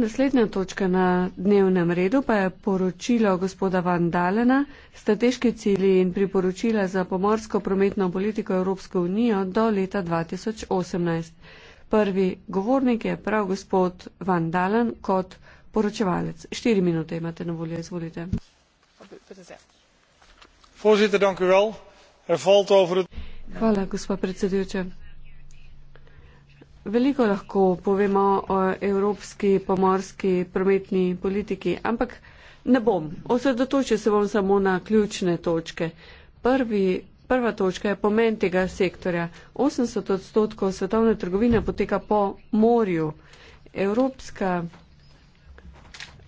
naslednja točka na dnevnem redu pa je poročilo gospoda Van Dalena, strateški cilji in priporočila za pomorsko prometno politiko Evropske unije do leta 2018. Prvi govornik je prav gospod Van Dalen kot poročevalec. Štiri minute imate na voljo, izvolite. Er Hvala, gospod predsedujoče. Veliko lahko povemo o evropski pomorski prometni politiki, ampak ne bom. Osredotočil se bom samo na ključne točke. Prvi, prva točka je pomen tega sektorja. 80 odstotkov svetovne trgovine poteka po morju. Evropska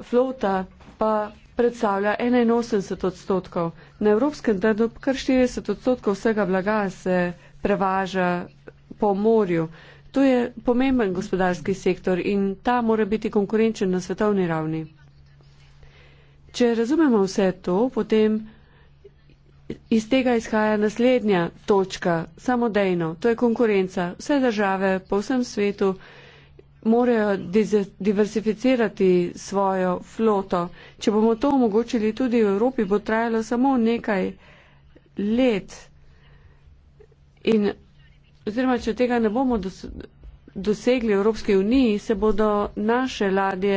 flota pa predstavlja 81 odstotkov. Na evropskem trgu kar 40 odstotkov vsega blaga se prevaža po morju. To je pomemben gospodarski sektor in ta mora biti konkurenčen na svetovni ravni. Če razumemo vse to, potem iz tega izhaja naslednja točka, samodejno, to je konkurenca. Vse države po vsem svetu morajo diversificirati svojo floto. Če bomo to omogočili tudi v Evropi, bo trajalo samo nekaj let. In oziroma če tega ne bomo dos dosegli v Evropski uniji, se bodo naše ladje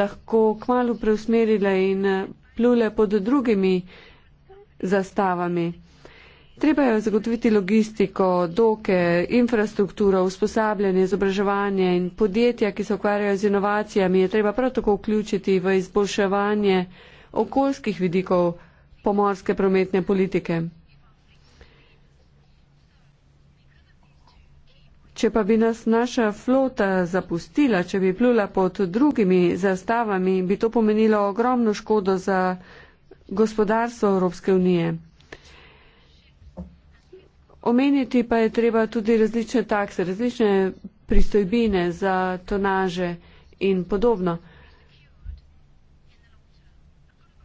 lahko kmalo preusmerile in eh, plule pod drugimi zastavami. Treba je zagotoviti logistiko, doke, infrastrukturo, usposabljanje, izobraževanje in podjetja, ki se ukvarjajo z inovacijami, je treba prav tako vključiti v izboljševanje okoljskih vidikov pomorske prometne politike. Če pa bi nas naša flota zapustila, če bi plula pod drugimi zastavami, bi to pomenilo ogromno škodo za gospodarstvo Evropske unije. Omeniti pa je treba tudi različne takse, različne pristojbine za tonaže in podobno.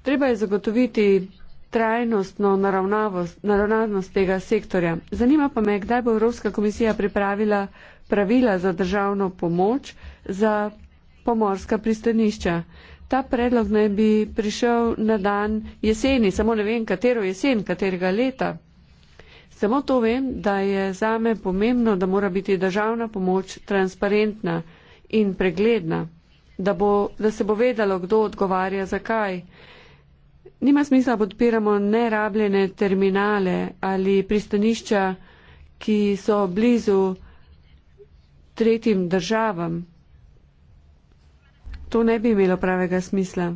Treba je zagotoviti trajnostno naravnanost tega sektorja. Zanima pa me, kdaj bo Evropska komisija pripravila pravila za državno pomoč za pomorska pristanišča. Ta predlog naj bi prišel na dan jeseni, samo ne vem, katero jesen, katerega leta. Samo to vem, da je zame pomembno, da mora biti državna pomoč transparentna in pregledna, da, bo, da se bo vedelo, kdo odgovarja zakaj. Nima smisla podpiramo nerabljene terminale ali pristanišča, ki so blizu tretjim državam. To ne bi imelo pravega smisla.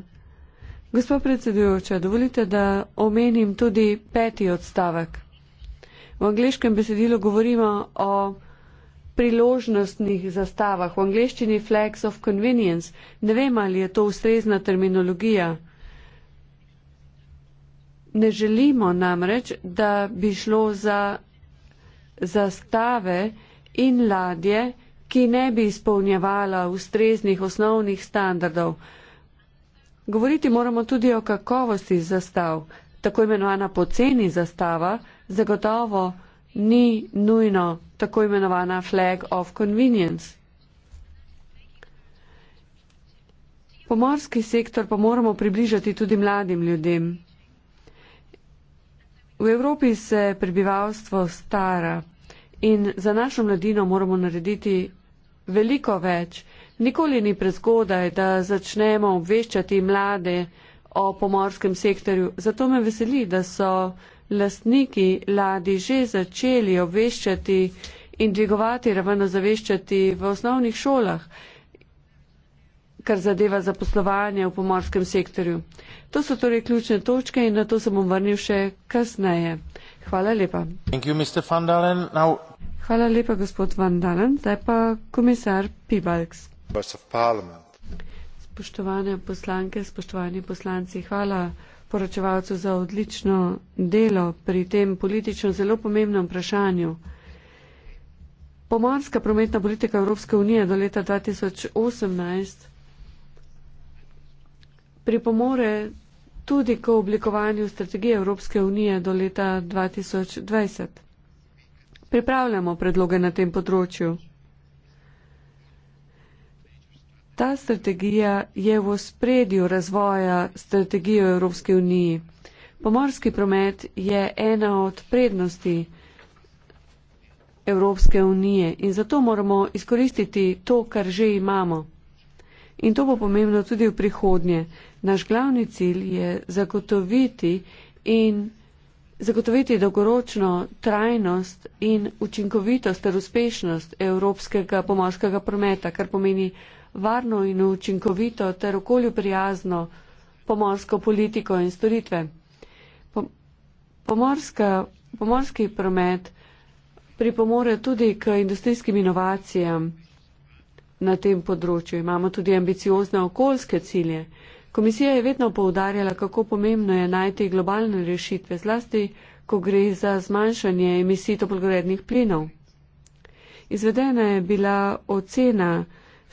Gospod predsedujoča, dovolite, da omenim tudi peti odstavek. V angliškem besedilu govorimo o priložnostnih zastavah, v angliščini flags of convenience. Ne vem, ali je to ustrezna terminologija ne želimo namreč, da bi šlo za zastave in ladje, ki ne bi izpolnjevala ustreznih osnovnih standardov. Govoriti moramo tudi o kakovosti zastav. Tako imenovana poceni zastava zagotovo ni nujno tako imenovana flag of convenience. Pomorski sektor pa moramo približati tudi mladim ljudem. V Evropi se prebivalstvo stara in za našo mladino moramo narediti veliko več. Nikoli ni prezgodaj, da začnemo obveščati mlade o pomorskem sektorju. Zato me veseli, da so lastniki ladi že začeli obveščati in dvigovati raven ozaveščati v osnovnih šolah kar zadeva zaposlovanje v pomorskem sektorju. To so torej ključne točke in na to se bom vrnil še kasneje. Hvala lepa. You, Now... Hvala lepa, gospod Van Dalen. Zdaj pa komisar Pibalks. Spoštovane poslanke, spoštovani poslanci, hvala poročevalcu za odlično delo pri tem politično zelo pomembnem vprašanju. Pomorska prometna politika Evropske unije do leta 2018 pripomore tudi k oblikovanju strategije Evropske unije do leta 2020. Pripravljamo predloge na tem področju. Ta strategija je v spredju razvoja strategije Evropske unije. Pomorski promet je ena od prednosti Evropske unije in zato moramo izkoristiti to, kar že imamo. In to bo pomembno tudi v prihodnje. Naš glavni cilj je zagotoviti in zagotoviti dolgoročno trajnost in učinkovitost ter uspešnost evropskega pomorskega prometa, kar pomeni varno in učinkovito ter okolju prijazno pomorsko politiko in storitve. Pomorska, pomorski promet pripomore tudi k industrijskim inovacijam na tem področju. Imamo tudi ambiciozne okoljske cilje. Komisija je vedno poudarjala, kako pomembno je najti globalne rešitve, zlasti, ko gre za zmanjšanje emisij toplogrednih plinov. Izvedena je bila ocena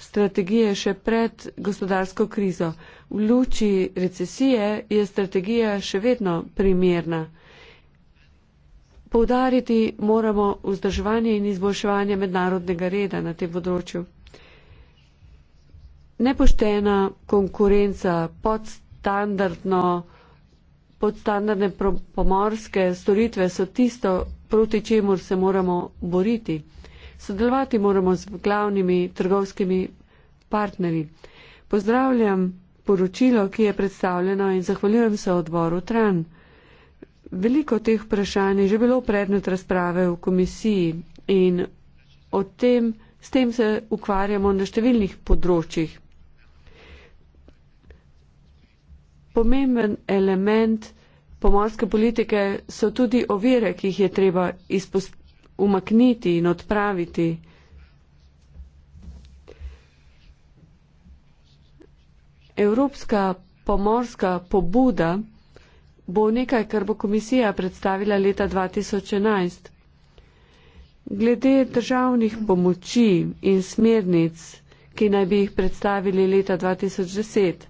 strategije še pred gospodarsko krizo. V luči recesije je strategija še vedno primerna. Poudariti moramo vzdrževanje in izboljševanje mednarodnega reda na tem področju nepoštena konkurenca pod standardno podstandardne pomorske storitve so tisto, proti čemur se moramo boriti. Sodelovati moramo z glavnimi trgovskimi partnerji. Pozdravljam poročilo, ki je predstavljeno in zahvaljujem se odboru Tran. Veliko teh vprašanj je že bilo predmet razprave v komisiji in o tem, s tem se ukvarjamo na številnih področjih. pomemben element pomorske politike so tudi ovire, ki jih je treba umakniti in odpraviti. Evropska pomorska pobuda bo nekaj, kar bo komisija predstavila leta 2011. Glede državnih pomoči in smernic, ki naj bi jih predstavili leta 2010.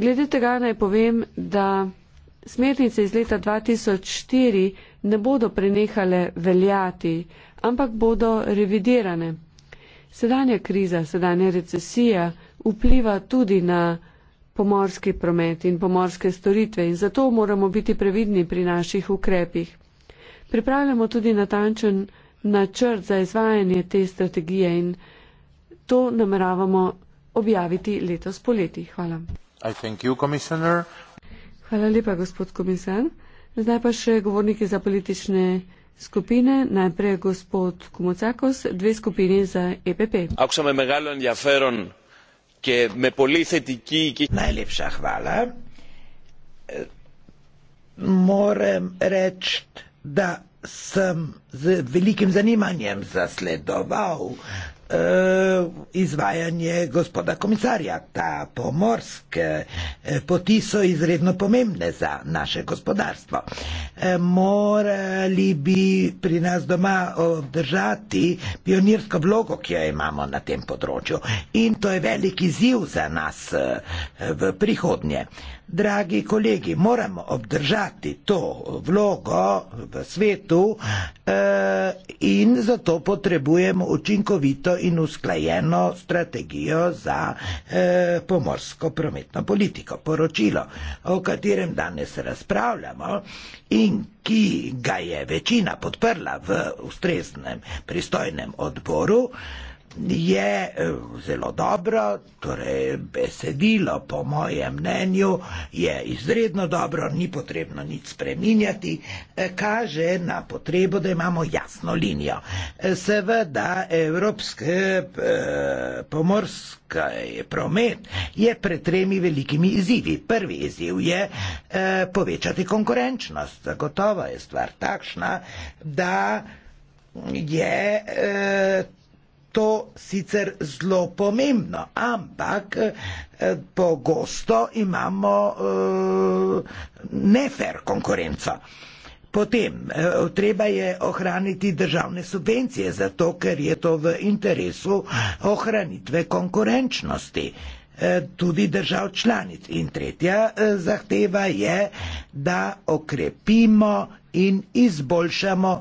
Glede tega naj povem, da smernice iz leta 2004 ne bodo prenehale veljati, ampak bodo revidirane. Sedanja kriza, sedanja recesija vpliva tudi na pomorski promet in pomorske storitve in zato moramo biti previdni pri naših ukrepih. Pripravljamo tudi natančen načrt za izvajanje te strategije in to nameravamo objaviti letos poleti. Hvala. Hvala lepa, gospod komisar. Zdaj pa še govorniki za politične skupine. Najprej gospod Kumocakos, dve skupini za EPP. Najlepša hvala. Moram reči, da sem z velikim zanimanjem zasledoval E, izvajanje gospoda komisarja. Ta pomorske e, poti so izredno pomembne za naše gospodarstvo. E, morali bi pri nas doma obdržati pionirsko vlogo, ki jo imamo na tem področju. In to je veliki ziv za nas v prihodnje dragi kolegi, moramo obdržati to vlogo v svetu eh, in zato potrebujemo učinkovito in usklajeno strategijo za eh, pomorsko prometno politiko. Poročilo, o katerem danes razpravljamo in ki ga je večina podprla v ustreznem pristojnem odboru, eh, je eh, zelo dobro, torej besedilo po mojem mnenju je izredno dobro, ni potrebno nič spreminjati, eh, kaže na potrebo, da imamo jasno linijo. Eh, seveda evropske pomorske Promet je pred tremi velikimi izzivi. Prvi izziv je eh, povečati konkurenčnost. Zagotovo je stvar takšna, da je eh, to sicer zelo pomembno, ampak eh, pogosto imamo eh, nefer konkurenco. Potem, eh, treba je ohraniti državne subvencije, zato ker je to v interesu ohranitve konkurenčnosti tudi držav članic. In tretja zahteva je, da okrepimo in izboljšamo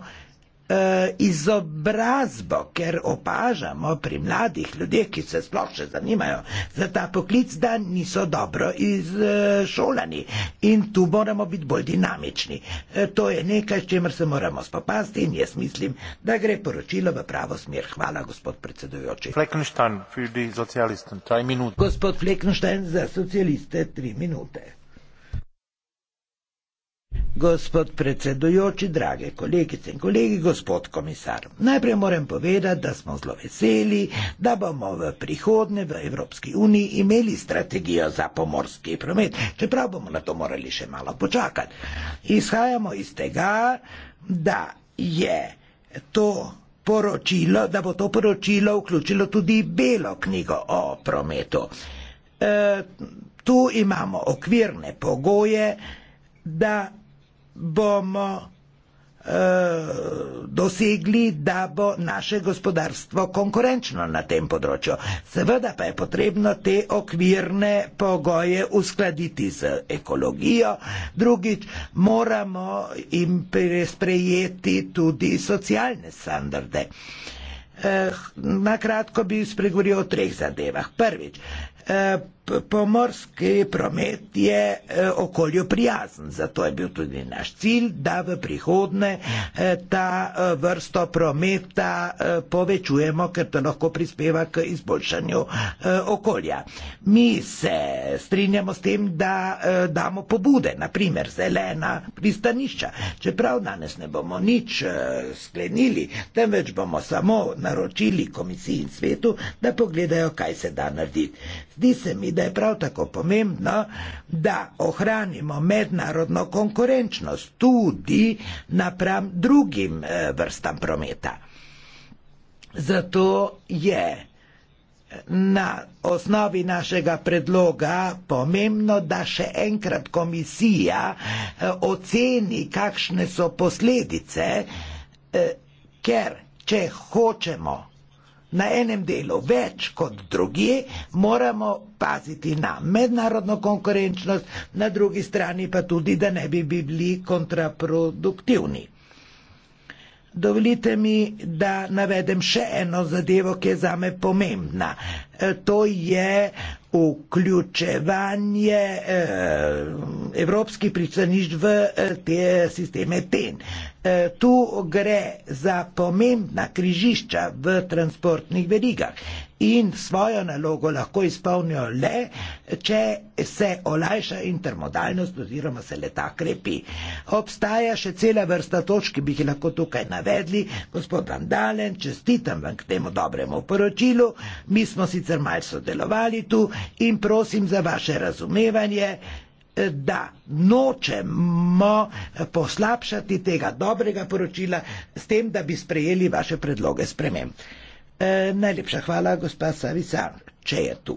Eh, izobrazbo, ker opažamo pri mladih ljudeh, ki se sploh še zanimajo za ta poklic, da niso dobro izšolani in tu moramo biti bolj dinamični. Eh, to je nekaj, s čemer se moramo spopasti in jaz mislim, da gre poročilo v pravo smer. Hvala, gospod predsedujoči. Fleckenstein, gospod Fleckenstein za socialiste, tri minute. Gospod predsedujoči, drage kolegice in kolegi, gospod komisar. Najprej moram povedati, da smo zelo veseli, da bomo v prihodnje v Evropski uniji imeli strategijo za pomorski promet, čeprav bomo na to morali še malo počakati. Izhajamo iz tega, da je to poročilo, da bo to poročilo vključilo tudi belo knjigo o prometu. E, tu imamo okvirne pogoje, da bomo eh, dosegli, da bo naše gospodarstvo konkurenčno na tem področju. Seveda pa je potrebno te okvirne pogoje uskladiti z ekologijo, drugič moramo jim sprejeti tudi socialne standarde. Eh, na kratko bi spregovoril o treh zadevah. Prvič, eh, pomorski promet je e, okolju prijazen, zato je bil tudi naš cilj, da v prihodne e, ta e, vrsto prometa povečujemo, ker to lahko prispeva k izboljšanju okolja. Mi se strinjamo s tem, da damo pobude, naprimer zelena pristanišča. Čeprav danes ne bomo nič sklenili, temveč bomo samo naročili komisiji in svetu, da pogledajo, kaj se da narediti. Zdi se mi, da je prav tako pomembno, da ohranimo mednarodno konkurenčnost tudi napram drugim eh, vrstam prometa. Zato je eh, na osnovi našega predloga pomembno, da še enkrat komisija eh, oceni, kakšne so posledice, ker če hočemo na enem delu več kot drugje, moramo paziti na mednarodno konkurenčnost, na drugi strani pa tudi, da ne bi bili kontraproduktivni. Dovolite mi, da navedem še eno zadevo, ki je za me pomembna. E, to je vključevanje e, evropskih pristanišč v e, te sisteme TEN. Tu gre za pomembna križišča v transportnih verigah in svojo nalogo lahko izpolnijo le, če se olajša intermodalnost oziroma se leta krepi. Obstaja še cela vrsta točk, ki bi jih lahko tukaj navedli. Gospod Vandalen, čestitam vam k temu dobremu poročilu. Mi smo sicer malce sodelovali tu in prosim za vaše razumevanje da nočemo poslabšati tega dobrega poročila s tem, da bi sprejeli vaše predloge sprememb. E, najlepša hvala, gospa Savisar, če je tu.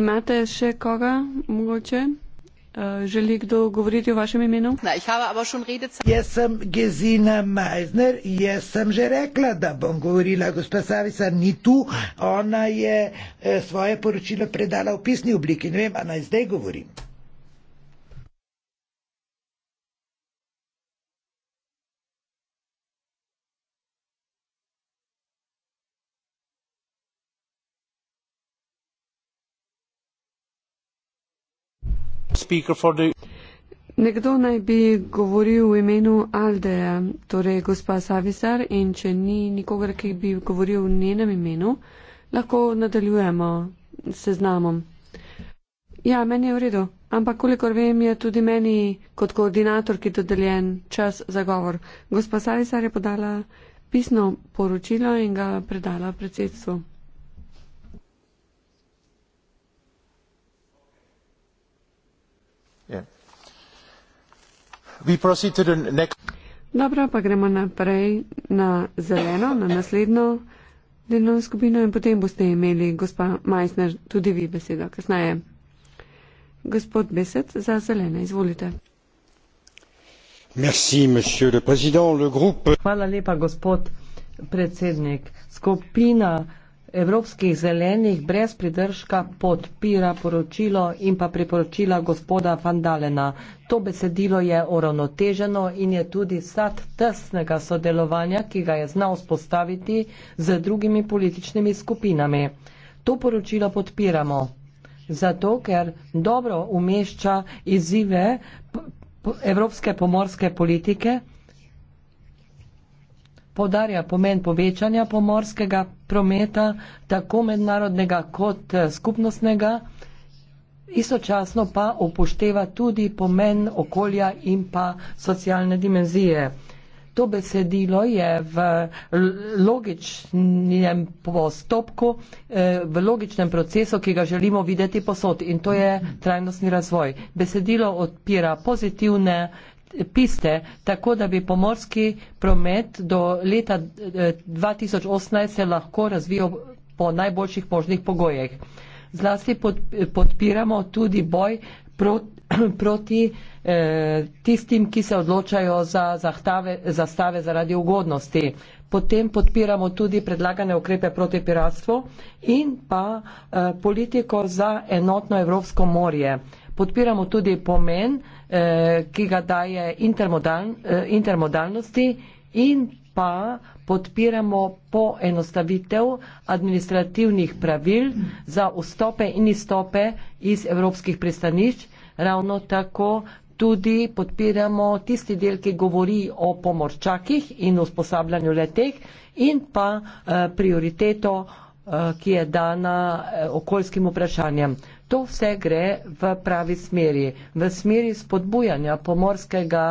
Imate še koga, mogoče? Uh, želi kdo govoriti o vašem imenu? Jaz sem Gezina Majzner, jaz sem že rekla, da bom govorila, gospa Savisa ni tu, ona je eh, svoje poročilo predala v pisni obliki, ne vem, a naj zdaj govorim. Nekdo naj bi govoril v imenu Aldeja, torej gospa Savisar, in če ni nikogar, ki bi govoril v njenem imenu, lahko nadaljujemo seznamom. Ja, meni je v redu, ampak kolikor vem, je tudi meni kot koordinatorki dodeljen čas za govor. Gospa Savisar je podala pisno poročilo in ga predala predsedstvu. Dobro, pa gremo naprej na zeleno, na naslednjo delovno skupino in potem boste imeli, gospa Majsner, tudi vi besedo. Kasneje, gospod Besed za zelene, izvolite. Merci, Le groupe... Hvala lepa, gospod predsednik. Skupina Evropskih zelenih brez pridržka podpira poročilo in pa priporočila gospoda Vandalena. To besedilo je oravnoteženo in je tudi sad tesnega sodelovanja, ki ga je znal spostaviti z drugimi političnimi skupinami. To poročilo podpiramo, zato ker dobro umešča izzive evropske pomorske politike podarja pomen povečanja pomorskega prometa, tako mednarodnega kot eh, skupnostnega, istočasno pa upošteva tudi pomen okolja in pa socialne dimenzije. To besedilo je v logičnem postopku, eh, v logičnem procesu, ki ga želimo videti posod in to je trajnostni razvoj. Besedilo odpira pozitivne piste, tako da bi pomorski promet do leta 2018 eh, se lahko razvijal po najboljših možnih pogojih. Zlasti podpiramo tudi boj proti eh, tistim, ki se odločajo za zahtave, zastave zaradi ugodnosti. Potem podpiramo tudi predlagane ukrepe proti piratstvu in pa eh, politiko za enotno Evropsko morje podpiramo tudi pomen, eh, ki ga daje intermodal, eh, intermodalnosti in pa podpiramo poenostavitev administrativnih pravil za vstope in izstope iz evropskih pristanišč. Ravno tako tudi podpiramo tisti del, ki govori o pomorčakih in usposabljanju leteh in pa eh, prioriteto, ki je dana okoljskim vprašanjem. To vse gre v pravi smeri, v smeri spodbujanja pomorskega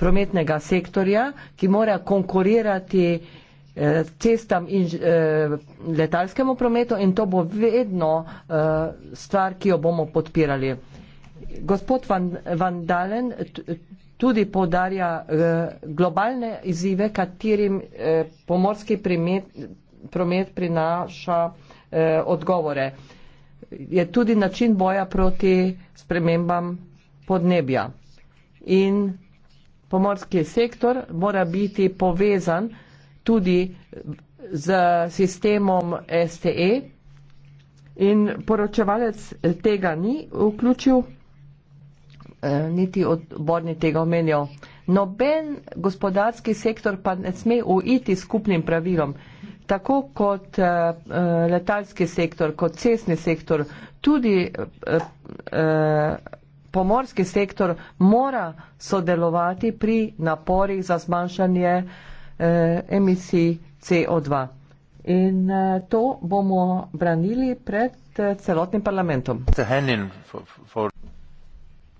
prometnega sektorja, ki mora konkurirati eh, cestam in eh, letalskemu prometu in to bo vedno eh, stvar, ki jo bomo podpirali. Gospod Van, Van Dalen tudi podarja globalne izzive, katerim pomorski primet, promet prinaša odgovore je tudi način boja proti spremembam podnebja. In pomorski sektor mora biti povezan tudi z sistemom STE in poročevalec tega ni vključil, eh, niti odbor ni tega omenjal. Noben gospodarski sektor pa ne sme uiti skupnim pravilom tako kot eh, eh, letalski sektor, kot cesni sektor, tudi eh, pomorski sektor mora sodelovati pri naporih za zmanjšanje emisij CO2. In to bomo branili pred celotnim parlamentom.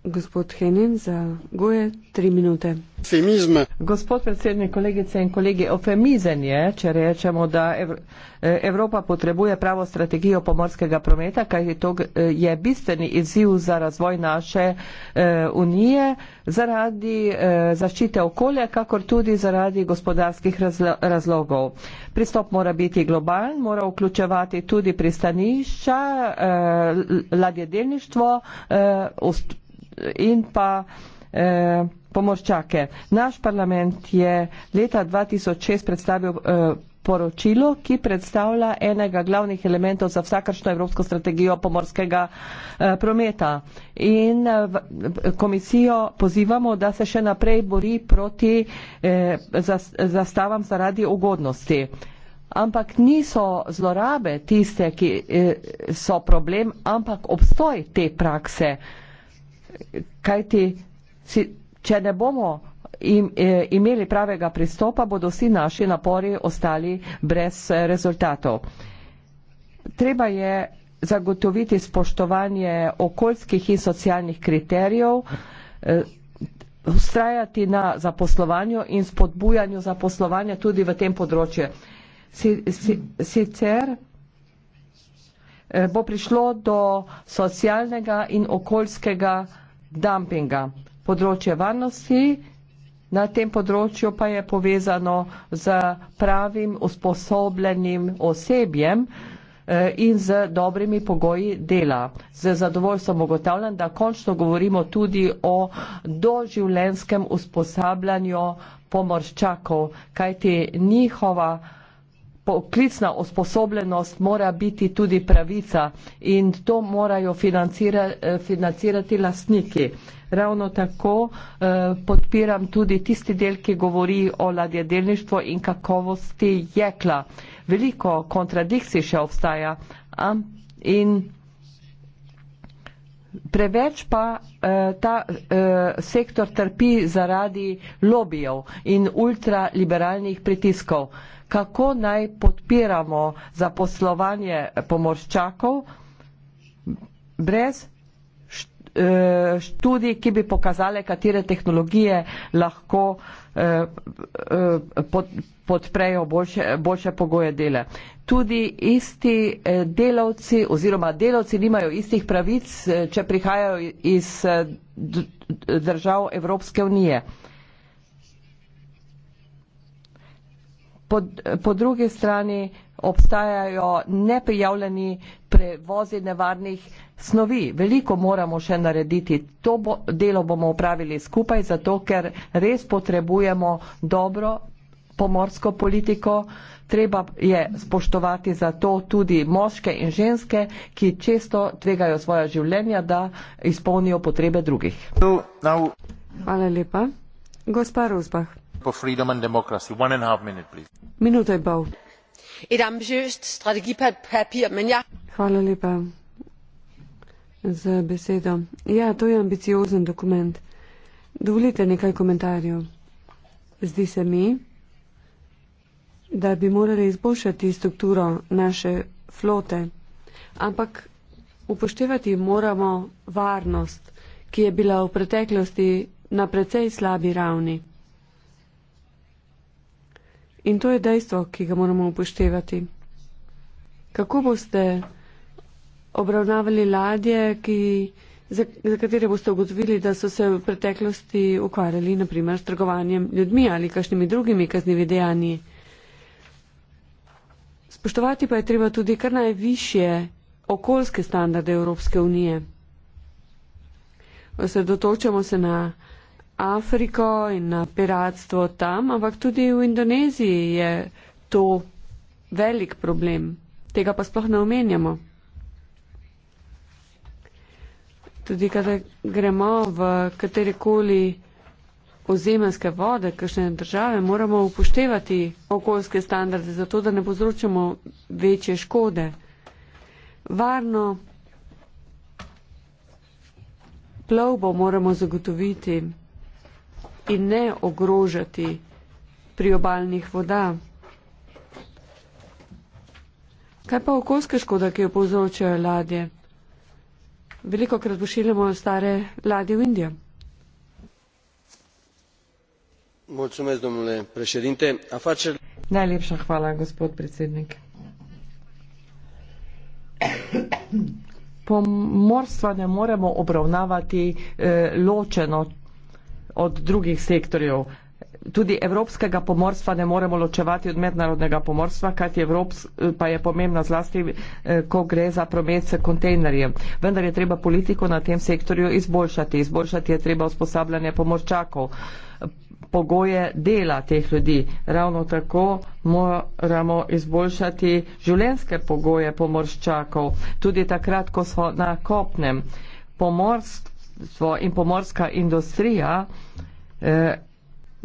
Gospod Henin, za goje tri minute. Femizm. Gospod predsednik, kolegice in kolegi, ofemizem je, če rečemo, da eh, Evropa potrebuje pravo strategijo pomorskega prometa, kaj to eh, je bistveni izziv za razvoj naše eh, unije zaradi zaščite okolja, kakor tudi zaradi gospodarskih razlogov. Pristop mora biti globalen, mora vključevati tudi pristanišča, ladjedelništvo, in pa eh, pomorčake. Naš parlament je leta 2006 predstavil eh, poročilo, ki predstavlja enega glavnih elementov za vsakršno evropsko strategijo pomorskega eh, prometa. In eh, eh komisijo pozivamo, da se še naprej bori proti eh, zastavam za zaradi ugodnosti. Ampak niso zlorabe tiste, ki eh, so problem, ampak obstoj te prakse kaj ti, si, če ne bomo im, e, imeli pravega pristopa, bodo vsi naši napori ostali brez e, rezultatov. Treba je zagotoviti spoštovanje okoljskih in socialnih kriterijev, ustrajati e, na zaposlovanju in spodbujanju zaposlovanja tudi v tem področju. Si, si, sicer Eh, bo prišlo do socialnega in okoljskega dumpinga. Področje varnosti na tem področju pa je povezano z pravim usposobljenim osebjem eh, in z dobrimi pogoji dela. Z zadovoljstvom ugotavljam, da končno govorimo tudi o doživljenskem usposabljanju pomorščakov, kajti njihova poklicna usposobljenost mora biti tudi pravica in to morajo financira, eh, financirati lastniki. Ravno tako eh, podpiram tudi tisti del, ki govori o ladjedelništvu in kakovosti jekla. Veliko kontradikcij še obstaja a? in preveč pa eh, ta eh, sektor trpi zaradi lobijev in ultraliberalnih pritiskov. Eh, kako naj podpiramo zaposlovanje pomorščakov brez e, študij, ki bi pokazale, katere tehnologije lahko e, e, podprejo boljše, boljše pogoje dele. Tudi isti delavci oziroma delavci nimajo istih pravic, če prihajajo iz držav Evropske unije. po, po drugi strani obstajajo neprijavljeni prevozi nevarnih snovi. Veliko moramo še narediti. To bo, delo bomo upravili skupaj, zato ker res potrebujemo dobro pomorsko politiko. Treba je spoštovati zato tudi moške in ženske, ki često tvegajo svoja življenja, da izpolnijo potrebe drugih. Hvala lepa. Gospa Rozbah et ambiciøst strategipapir men jeg. Hvala lepa za besedo. Ja, to je ambiciozen dokument. Dovolite nekaj komentarjev. Zdi se mi, da bi morali izboljšati strukturo naše flote, ampak upoštevati moramo varnost, ki je bila v preteklosti na precej slabi ravni. In to je dejstvo, ki ga moramo upoštevati. Kako boste obravnavali ladje, ki, za, za katere boste ugotovili, da so se v preteklosti ukvarjali naprimer s trgovanjem ljudmi ali kakšnimi drugimi kaznjivi dejanji? Spoštovati pa je treba tudi kar najvišje okoljske standarde Evropske unije. Osredotočamo se na Afriko in na piratstvo tam, ampak tudi v Indoneziji je to velik problem. Tega pa sploh ne omenjamo. Tudi, kada gremo v katerekoli ozemenske vode, kakšne države, moramo upoštevati okoljske standarde, zato da ne povzročamo večje škode. Varno plovbo moramo zagotoviti in ne ogrožati priobalnih voda. Kaj pa okoljska škoda, ki jo povzročajo ladje? Veliko krat pošiljamo stare ladje v Indijo. Najlepša hvala, gospod predsednik. Pomorstva ne moremo obravnavati eh, ločeno od drugih sektorjev. Tudi evropskega pomorstva ne moremo ločevati od mednarodnega pomorstva, kajti Evropa je pomembna zlasti, eh, ko gre za promet s kontejnerjem. Vendar je treba politiko na tem sektorju izboljšati. Izboljšati je treba usposabljanje pomorčakov, pogoje dela teh ljudi. Ravno tako moramo izboljšati življenske pogoje pomorščakov, tudi takrat, ko so na kopnem. Pomorst ribištvo in pomorska industrija eh,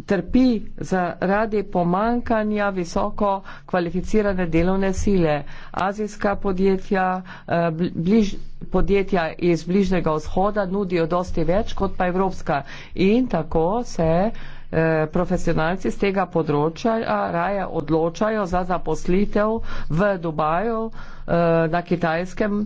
trpi zaradi pomankanja visoko kvalificirane delovne sile. Azijska podjetja, eh, bliž, podjetja iz bližnjega vzhoda nudijo dosti več kot pa evropska in tako se eh, profesionalci z tega področja raje odločajo za zaposlitev v Dubaju, eh, na kitajskem,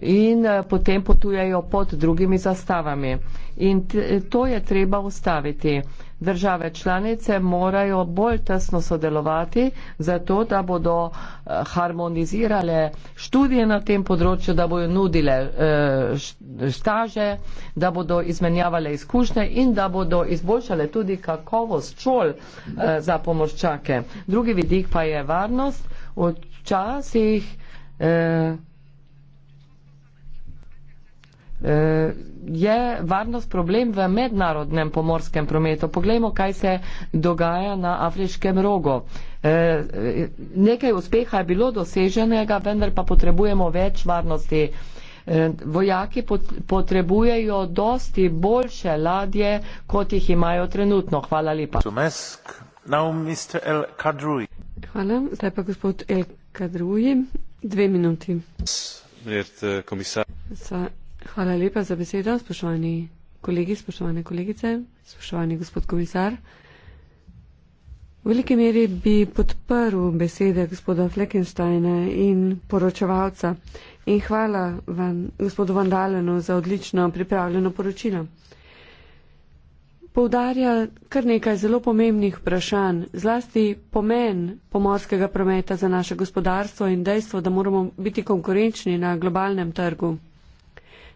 in eh, potem potujejo pod drugimi zastavami. In to je treba ustaviti. Države članice morajo bolj tesno sodelovati, zato da bodo eh, harmonizirale študije na tem področju, da bodo nudile staže, eh, da bodo izmenjavale izkušnje in da bodo izboljšale tudi kakovost čol za pomoščake. Drugi vidik pa je varnost. Včasih je varnost problem v mednarodnem pomorskem prometu. Poglejmo, kaj se dogaja na afriškem rogu. E, nekaj uspeha je bilo doseženega, vendar pa potrebujemo več varnosti. E, vojaki potrebujejo dosti boljše ladje, kot jih imajo trenutno. Hvala lepa. Hvala, zdaj pa gospod El Kadruji. Dve minuti. Hvala lepa za besedo, spoštovani kolegi, spoštovane kolegice, spoštovani gospod komisar. V veliki meri bi podprl besede gospoda Fleckensteina in poročevalca. In hvala vam, gospodu Vandalenu, za odlično pripravljeno poročilo. Povdarja kar nekaj zelo pomembnih vprašanj, zlasti pomen pomorskega prometa za naše gospodarstvo in dejstvo, da moramo biti konkurenčni na globalnem trgu.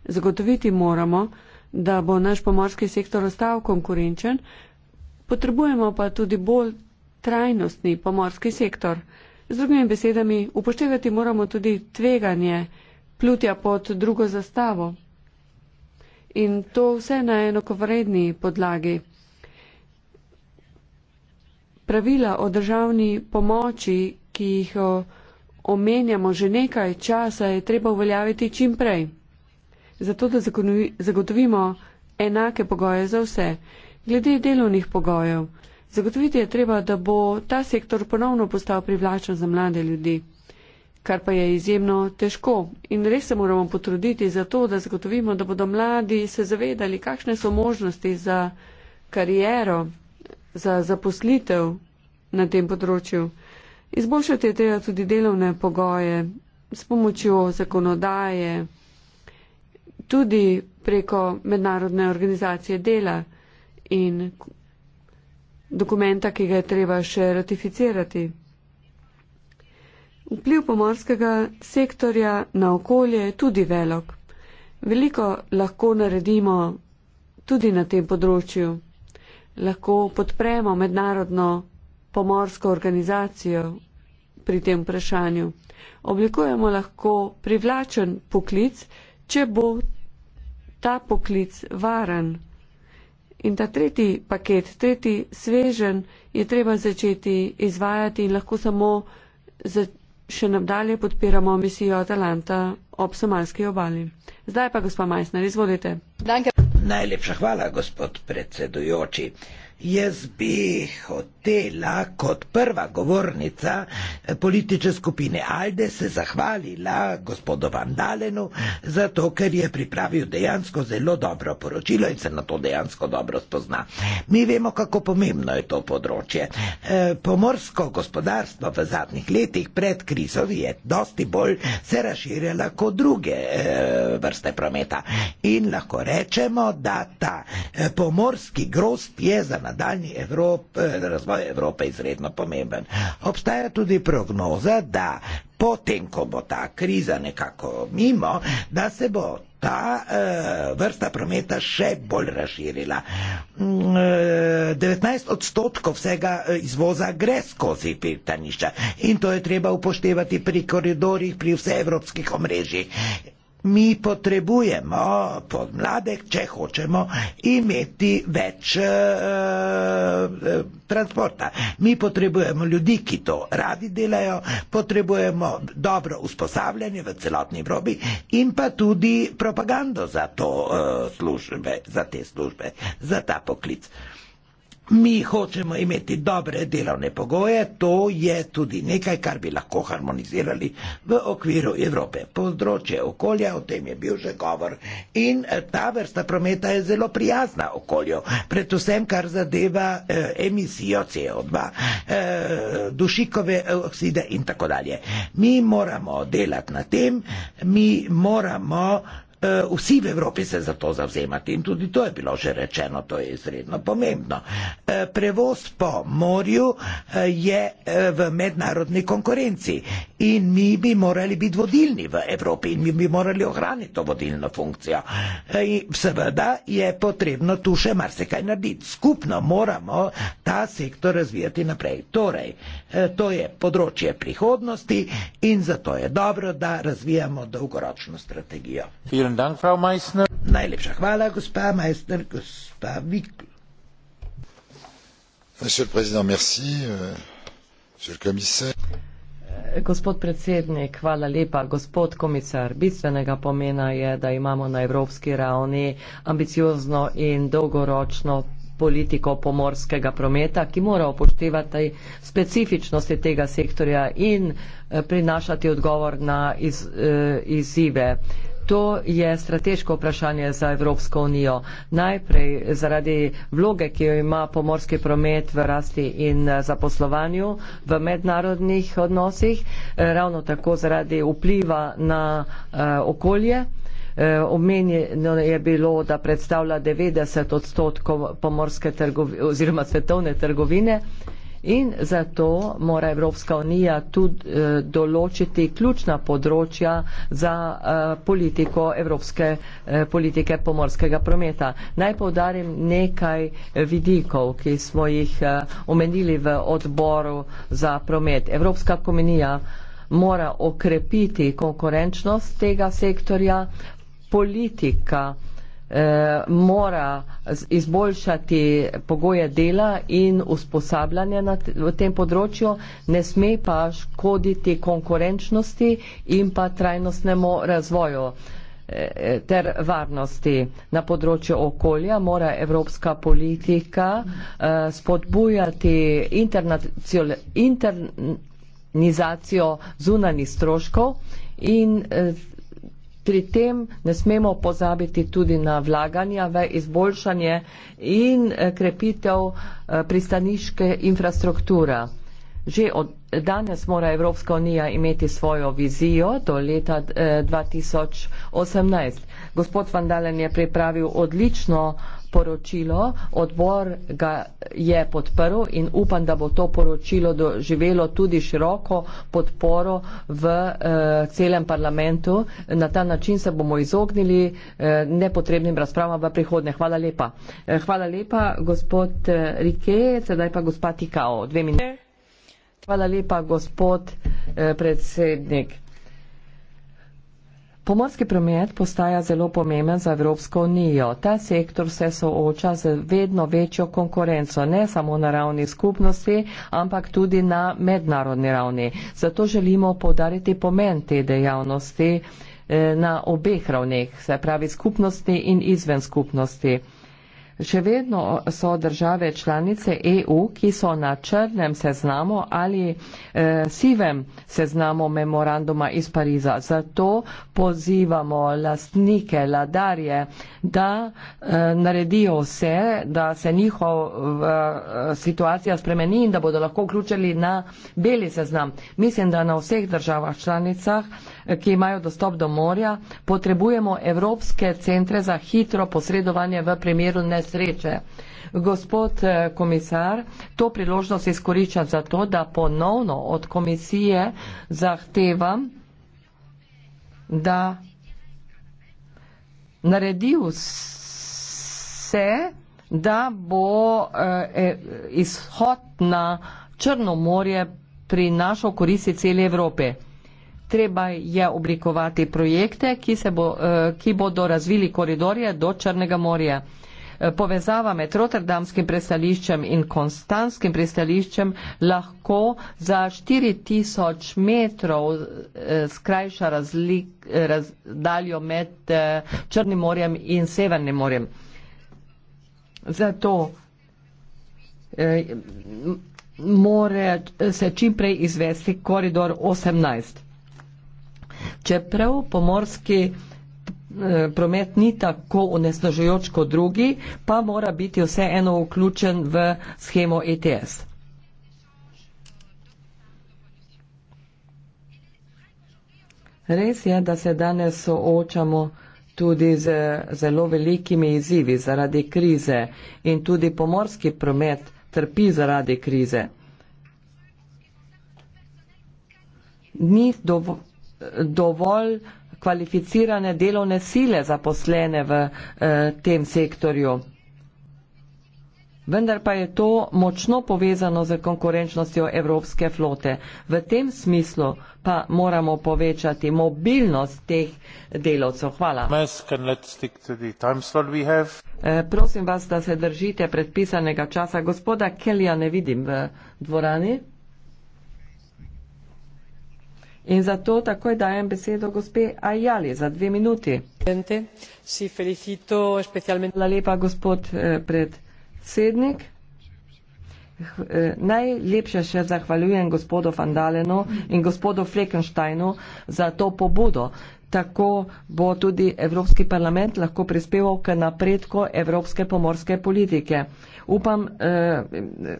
Zagotoviti moramo, da bo naš pomorski sektor ostal konkurenčen, potrebujemo pa tudi bolj trajnostni pomorski sektor. Z drugimi besedami, upoštevati moramo tudi tveganje plutja pod drugo zastavo. In to vse na enakovredni podlagi. Pravila o državni pomoči, ki jih omenjamo že nekaj časa, je treba uveljaviti čim prej zato da zagotovimo enake pogoje za vse. Glede delovnih pogojev, zagotoviti je treba, da bo ta sektor ponovno postal privlačen za mlade ljudi, kar pa je izjemno težko in res se moramo potruditi za to, da zagotovimo, da bodo mladi se zavedali, kakšne so možnosti za kariero, za zaposlitev na tem področju. Izboljšati je treba tudi delovne pogoje s pomočjo zakonodaje, tudi preko mednarodne organizacije dela in dokumenta, ki ga je treba še ratificirati. Vpliv pomorskega sektorja na okolje je tudi velok. Veliko lahko naredimo tudi na tem področju. Lahko podpremo mednarodno pomorsko organizacijo pri tem vprašanju. Oblikujemo lahko privlačen poklic, če bo ta poklic varen. In ta tretji paket, tretji svežen, je treba začeti izvajati in lahko samo za, še nadalje podpiramo misijo Atalanta ob somalski obali. Zdaj pa, gospod Majsner, izvolite. Danke. Najlepša hvala, gospod predsedujoči. Jaz bi hotela kot prva govornica eh, politične skupine Alde se zahvalila gospodu Vandalenu za to, ker je pripravil dejansko zelo dobro poročilo in se na to dejansko dobro spozna. Mi vemo, kako pomembno je to področje. Eh, pomorsko gospodarstvo v zadnjih letih pred krizo je dosti bolj se razširjalo kot druge eh, vrste prometa. In lahko rečemo, da ta pomorski grost je za nas nadaljni Evrop, eh, razvoj Evrope izredno pomemben. Obstaja tudi prognoza, da potem, ko bo ta kriza nekako mimo, da se bo ta e, vrsta prometa še bolj razširila. Mm, e, eh, 19 odstotkov vsega izvoza gre skozi pirtanišča in to je treba upoštevati pri koridorjih, pri vseevropskih omrežjih. Mi potrebujemo podmladek, če hočemo imeti več e, e, transporta. Mi potrebujemo ljudi, ki to radi delajo, potrebujemo dobro usposabljanje v celotni robi in pa tudi propagando za, to, e, službe, za te službe, za ta poklic. Mi hočemo imeti dobre delovne pogoje, to je tudi nekaj, kar bi lahko harmonizirali v okviru Evrope. Področje okolja, o tem je bil že govor. In eh, ta vrsta prometa je zelo prijazna okolju, predvsem kar zadeva eh, emisijo CO2, eh, dušikove eh, okside in tako dalje. Mi moramo delati na tem, mi moramo Eh, vsi v Evropi se za to zavzemati in tudi to je bilo že rečeno, to je izredno pomembno. Eh, prevoz po morju eh, je v mednarodni konkurenci in mi bi morali biti vodilni v Evropi in mi bi morali ohraniti to vodilno funkcijo. In seveda je potrebno tu še marsikaj narediti. Skupno moramo ta sektor razvijati naprej. Torej, to je področje prihodnosti in zato je dobro, da razvijamo dolgoročno strategijo. Schönen Dank, Frau Meissner. Najlepša hvala, gospa Meissner, gospa Wickl. Monsieur le Président, merci. Euh, monsieur le Commissaire. Eh, gospod predsednik, hvala lepa. Gospod komisar, bistvenega pomena je, da imamo na evropski ravni ambiciozno in dolgoročno politiko pomorskega prometa, ki mora upoštevati specifičnosti tega sektorja in eh, prinašati odgovor na iz, eh, izzive. To je strateško vprašanje za Evropsko unijo. Najprej zaradi vloge, ki jo ima pomorski promet v rasti in eh, zaposlovanju v mednarodnih odnosih, eh, ravno tako zaradi vpliva na eh, okolje. Omenjeno je bilo, da predstavlja 90 odstotkov pomorske trgovine oziroma svetovne trgovine. In zato mora Evropska unija tudi eh, določiti ključna področja za eh, politiko Evropske eh, politike pomorskega prometa. Naj povdarim nekaj vidikov, ki smo jih eh, omenili v odboru za promet. Evropska komunija mora okrepiti konkurenčnost tega sektorja, politika eh, mora izboljšati pogoje dela in usposabljanje na tem področju, ne sme pa škoditi konkurenčnosti in pa trajnostnemu razvoju eh, ter varnosti na področju okolja mora evropska politika eh, spodbujati internacionalizacijo zunanih stroškov in eh, Pri tem ne smemo pozabiti tudi na vlaganja v izboljšanje in eh, krepitev eh, pristaniške infrastrukture. Že od Danes mora Evropska unija imeti svojo vizijo do leta 2018. Eh, gospod Van Dalen je pripravil odlično poročilo, odbor ga je podprl in upam, da bo to poročilo doživelo tudi široko podporo v eh, celem parlamentu. Na ta način se bomo izognili eh, nepotrebnim razpravam v prihodnje. Hvala lepa. Eh, hvala lepa, gospod eh, Rike, sedaj pa gospod Tikao. Dve minute. Hvala lepa, gospod eh, predsednik. Pomorski promet postaja zelo pomemben za Evropsko unijo. Ta sektor se sooča z vedno večjo konkurenco, ne samo na ravni skupnosti, ampak tudi na mednarodni ravni. Zato želimo podariti pomen te dejavnosti eh, na obeh ravneh, se pravi skupnosti in izven skupnosti. Še vedno so države članice EU, ki so na črnem seznamu ali eh, sivem seznamu memoranduma iz Pariza. Zato pozivamo lastnike, ladarje, da eh, naredijo vse, da se njihova eh, situacija spremeni in da bodo lahko vključili na beli seznam. Mislim, da na vseh državah članicah eh, ki imajo dostop do morja, potrebujemo evropske centre za hitro posredovanje v primeru nesreče. Gospod eh, komisar, to priložnost izkorišča za to, da ponovno od komisije zahtevam, da naredi vse, da bo eh, eh, izhod na Črno morje prinašal koristi celi Evropi treba je oblikovati projekte, ki, se bo, eh, ki bodo razvili koridorje do Črnega morja. Eh, povezava med Rotterdamskim pristališčem in Konstantskim pristališčem lahko za 4000 metrov eh, skrajša razlik, razdaljo med Črnim morjem in Severnim morjem. Zato eh, mora se čimprej izvesti koridor 18. Čeprav pomorski eh, promet ni tako onesnažujoč kot drugi, pa mora biti vseeno vključen v schemo ETS. Res je, da se danes soočamo tudi z zelo velikimi izzivi zaradi krize in tudi pomorski promet trpi zaradi krize. Ni dovolj dovolj kvalificirane delovne sile zaposlene v eh, tem sektorju. Vendar pa je to močno povezano z konkurenčnostjo evropske flote. V tem smislu pa moramo povečati mobilnost teh delovcev. Hvala. Eh, prosim vas, da se držite predpisanega časa. Gospoda Kellyja ne vidim v dvorani. In zato takoj dajem besedo gospe Ajali za dve minuti. Hvala lepa, gospod eh, predsednik. Eh, najlepše še zahvaljujem gospodu Fandalenu in gospodu Fleckensteinu za to pobudo. Tako bo tudi Evropski parlament lahko prispeval k napredku Evropske pomorske politike. Upam eh,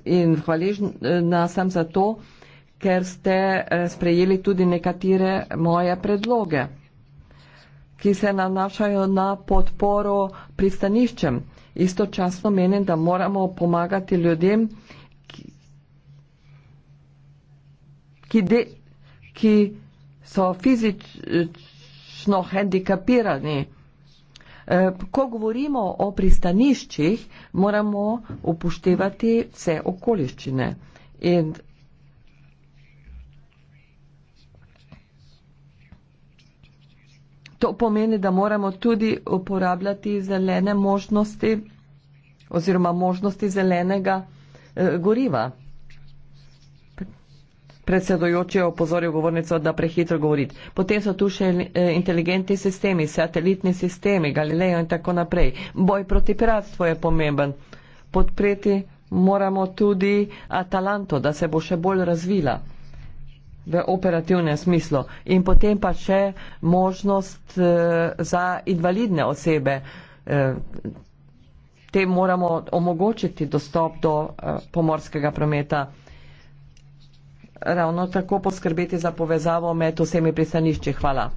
in hvaležna sem za to, ker ste eh, sprejeli tudi nekatere moje predloge, ki se nanašajo na podporo pristaniščem. Istočasno menim, da moramo pomagati ljudem, ki, de, ki so fizično hendikapirani. Eh, ko govorimo o pristaniščih, moramo upoštevati vse okoliščine. In to pomeni, da moramo tudi uporabljati zelene možnosti oziroma možnosti zelenega eh, goriva. Predsedujoči je opozoril govornico, da prehitro govoriti. Potem so tu še eh, inteligentni sistemi, satelitni sistemi, Galileo in tako naprej. Boj proti piratstvu je pomemben. Podpreti moramo tudi Atalanto, da se bo še bolj razvila v operativnem smislu. In potem pa še možnost eh, za invalidne osebe. Eh, te moramo omogočiti dostop do eh, pomorskega prometa. Ravno tako poskrbeti za povezavo med vsemi pristanišči. Hvala.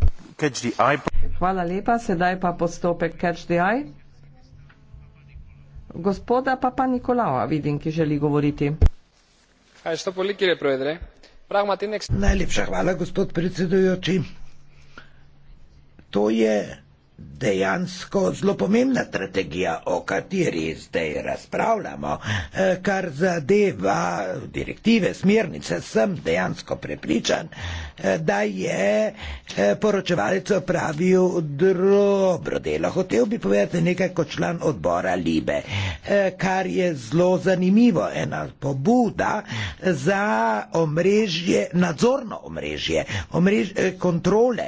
Hvala lepa. Sedaj pa postopek Catch the Eye. Gospoda Papa Nikolaova vidim, ki želi govoriti. Hvala lepa, kjer je prevedre. Najlepša hvala, gospod predsedujoči. To je dejansko zelo pomembna strategija, o kateri zdaj razpravljamo. Eh, kar zadeva direktive, smernice, sem dejansko prepričan, eh, da je eh, poročevalec opravil dobro delo. Hotev bi povedati nekaj kot član odbora Libe, kar je zelo zanimivo, ena pobuda za omrežje, nadzorno omrežje, omrež, kontrole.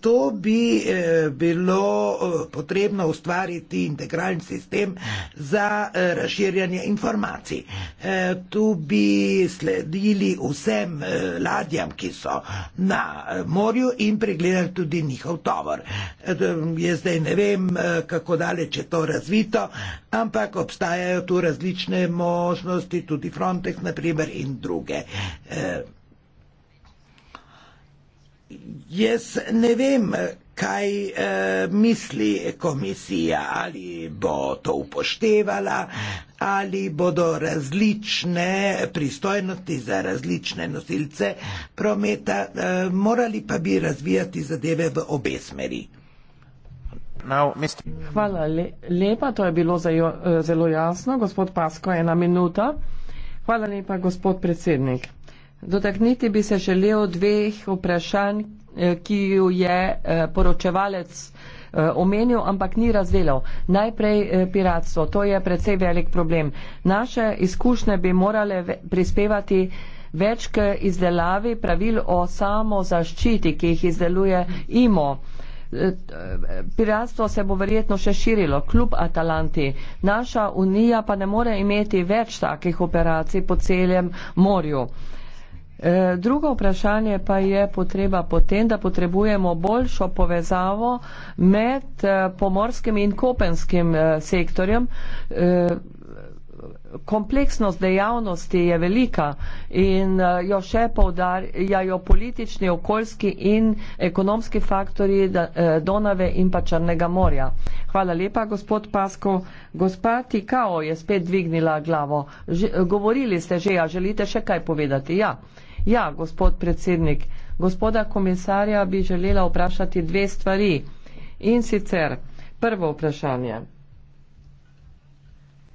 To bi bilo bilo eh, potrebno ustvariti integralni sistem za eh, razširjanje informacij. Eh, tu bi sledili vsem ladjam, ki so na morju in pregledali tudi njihov tovor. Jaz zdaj ne vem, kako daleč je to razvito, ampak obstajajo tu različne možnosti, tudi Frontex naprimer in druge. Jaz ne vem, kaj e, misli komisija, ali bo to upoštevala, ali bodo različne pristojnosti za različne nosilce prometa, e, morali pa bi razvijati zadeve v obe smeri. Now, Hvala le, lepa, to je bilo jo, eh, zelo jasno. Gospod Pasko, ena minuta. Hvala lepa, gospod predsednik. Dotakniti bi se želel dveh vprašanj, Eh, ki jo je eh, poročevalec eh, omenil, ampak ni razdelal. Najprej piratstvo, to je predvsej velik problem. Naše izkušnje bi morale prispevati več k izdelavi pravil o samozaščiti, ki jih izdeluje IMO. Piratstvo se bo verjetno še širilo, kljub Atalanti. Naša unija pa ne more imeti več takih operacij po celem morju. Uh, E, drugo vprašanje pa je potreba potem, da potrebujemo boljšo povezavo med e, pomorskim in kopenskim e, sektorjem. Kompleksnost dejavnosti je velika in jo še poudarjajo politični, okoljski in ekonomski faktori Donave in pa Črnega morja. Hvala lepa, gospod Pasko. Gospa Tikao je spet dvignila glavo. Govorili ste že, a želite še kaj povedati? Ja. Uh, Ja, gospod predsednik, gospoda komisarja bi želela vprašati dve stvari. In sicer prvo vprašanje.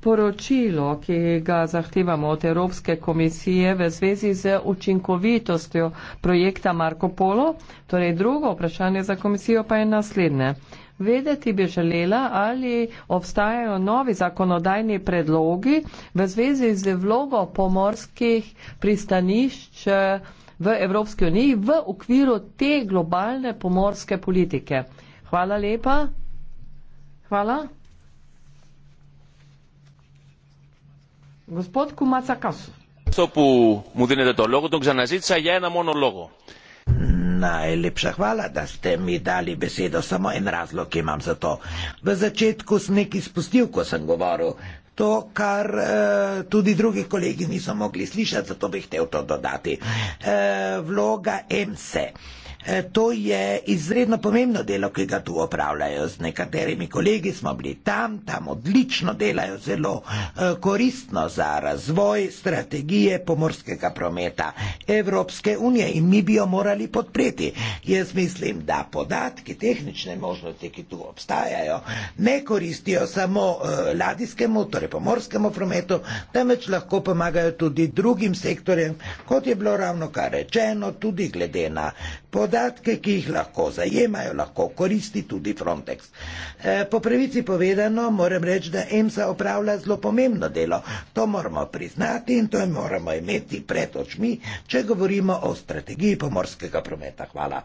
Poročilo, ki ga zahtevamo od Evropske komisije v zvezi z učinkovitostjo projekta Marko Polo, torej drugo vprašanje za komisijo pa je naslednje. Vedeti bi želela, ali obstajajo novi zakonodajni predlogi v zvezi z vlogo pomorskih pristanišč eh, v Evropski uniji v okviru te globalne pomorske politike. Hvala lepa. Hvala. Gospod Kumacakas. Stopu mu dinete to logo, to ksanazica, ja ena monologo najlepša hvala, da ste mi dali besedo. Samo en razlog imam za to. V začetku sem nekaj spustil, ko sem govoril. To, kar eh, tudi drugi kolegi niso mogli slišati, zato bi hotel to dodati. Eh, vloga MSE. Eh, E, to je izredno pomembno delo, ki ga tu opravljajo. Z nekaterimi kolegi smo bili tam, tam odlično delajo, zelo e, koristno za razvoj strategije pomorskega prometa Evropske unije in mi bi jo morali podpreti. Jaz mislim, da podatki, tehnične možnosti, ki tu obstajajo, ne koristijo samo e, ladijskemu, torej pomorskemu prometu, temveč lahko pomagajo tudi drugim sektorjem, kot je bilo ravno kar rečeno, tudi glede na podatke podatke, ki jih lahko zajemajo, lahko koristi tudi Frontex. Eh, po pravici povedano, moram reči, da EMSA opravlja zelo pomembno delo. To moramo priznati in to moramo imeti pred očmi, če govorimo o strategiji pomorskega prometa. Hvala.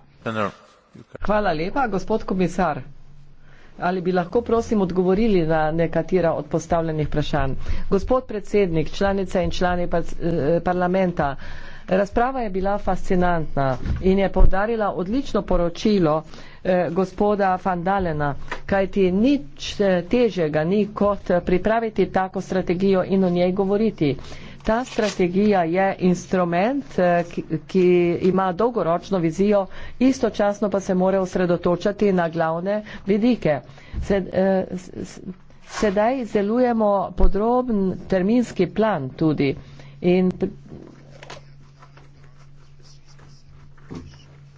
Hvala lepa, gospod komisar. Ali bi lahko, prosim, odgovorili na nekatera od postavljenih vprašanj? Gospod predsednik, članice in člani eh, parlamenta, Razprava je bila fascinantna in je povdarila odlično poročilo eh, gospoda Fandalena, kajti nič eh, težjega ni kot pripraviti tako strategijo in o njej govoriti. Ta strategija je instrument, eh, ki, ki ima dolgoročno vizijo, istočasno pa se mora osredotočati na glavne vidike. Sed, eh, sedaj izdelujemo podroben terminski plan tudi in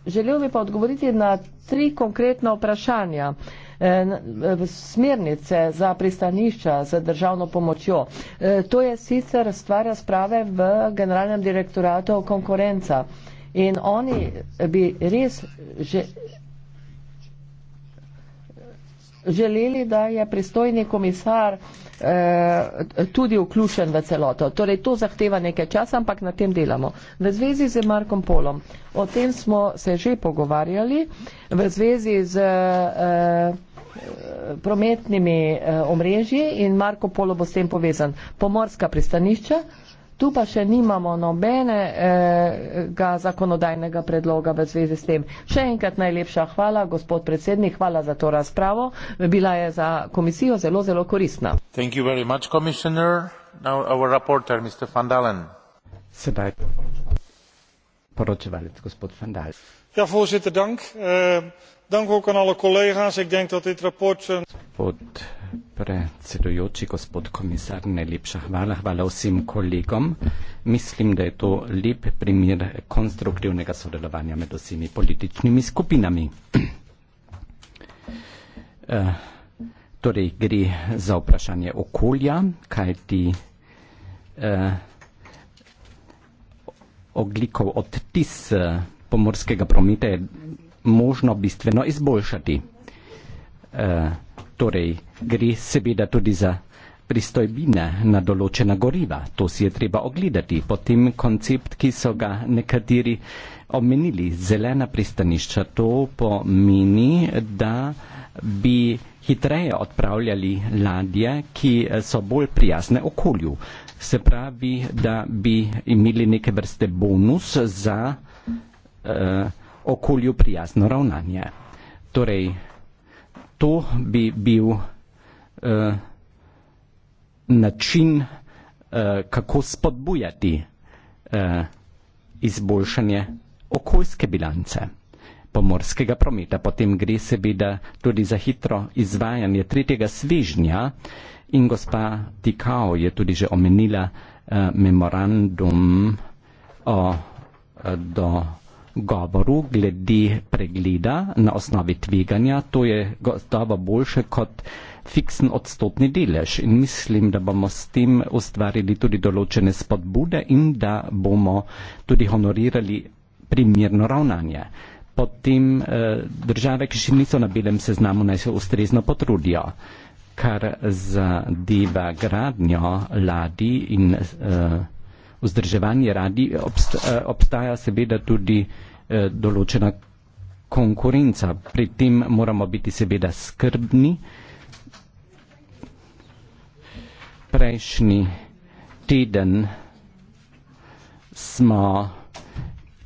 Želel bi pa odgovoriti na tri konkretna vprašanja. Eh, smernice za pristanišča z državno pomočjo. Eh, to je sicer stvar razprave v generalnem direktoratu konkurenca. In oni bi res že, želeli, da je pristojni komisar eh, tudi vključen v celoto. Torej, to zahteva nekaj časa, ampak na tem delamo. V zvezi z Markom Polom, o tem smo se že pogovarjali, v zvezi z eh, prometnimi eh, omrežji in Marko Polo bo s tem povezan. Pomorska pristanišča, Tu pa še nimamo nobenega eh, zakonodajnega predloga v zvezi s tem. Še enkrat najlepša hvala, gospod predsednik, hvala za to razpravo. Bila je za komisijo zelo, zelo koristna. Much, reporter, Sedaj poročevalec, gospod Fandal. Ja, voorzitter, dank. Uh, Eh, gospod predsedujoči gospod komisar najlepša hvala hvala vsem kolegom mislim da je to lep primer konstruktivnega sodelovanja med vsemi političnimi skupinami eh, torej gre za vprašanje okolja kajti eh, ogljikov odtis pomorskega prometa je možno bistveno izboljšati. E, torej, gre seveda tudi za pristojbine na določena goriva. To si je treba ogledati. Potem koncept, ki so ga nekateri omenili, zelena pristanišča, to pomeni, da bi hitreje odpravljali ladje, ki so bolj prijazne okolju. Se pravi, da bi imeli neke vrste bonus za. Uh, okolju prijazno ravnanje. Torej, to bi bil eh, način, eh, kako spodbujati eh, izboljšanje okoljske bilance pomorskega prometa. Potem gre seveda tudi za hitro izvajanje tretjega svežnja in gospa Tikao je tudi že omenila eh, memorandum o eh, do govoru glede pregleda na osnovi tveganja, to je gotovo boljše kot fiksen odstotni delež in mislim, da bomo s tem ustvarili tudi določene spodbude in da bomo tudi honorirali primirno ravnanje. Potem eh, države, ki še niso na belem seznamu, naj se ustrezno potrudijo kar zadeva gradnjo ladi in eh, vzdrževanje radi obst, eh, obstaja seveda tudi eh, določena konkurenca. Pri tem moramo biti seveda skrbni. Prejšnji teden smo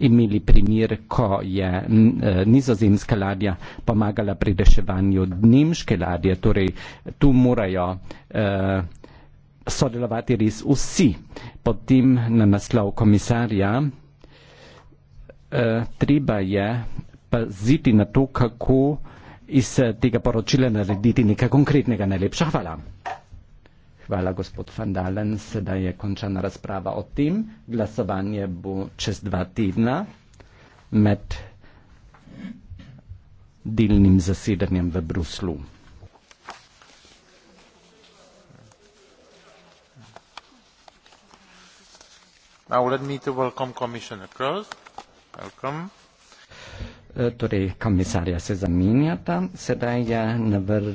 imeli primer, ko je eh, nizozemska ladja pomagala pri reševanju nemške ladje. Torej, tu morajo eh, sodelovati res vsi. Potem na naslov komisarja eh, treba je paziti na to, kako iz eh, tega poročila narediti nekaj konkretnega. Najlepša hvala. Hvala, gospod Fandalen. Sedaj je končana razprava o tem. Glasovanje bo čez dva tedna med delnim zasedanjem v Bruslu. let me to welcome commissioner Kroes. Welcome. E, torej, komisarja se zamenjata, sedaj je na vrsti.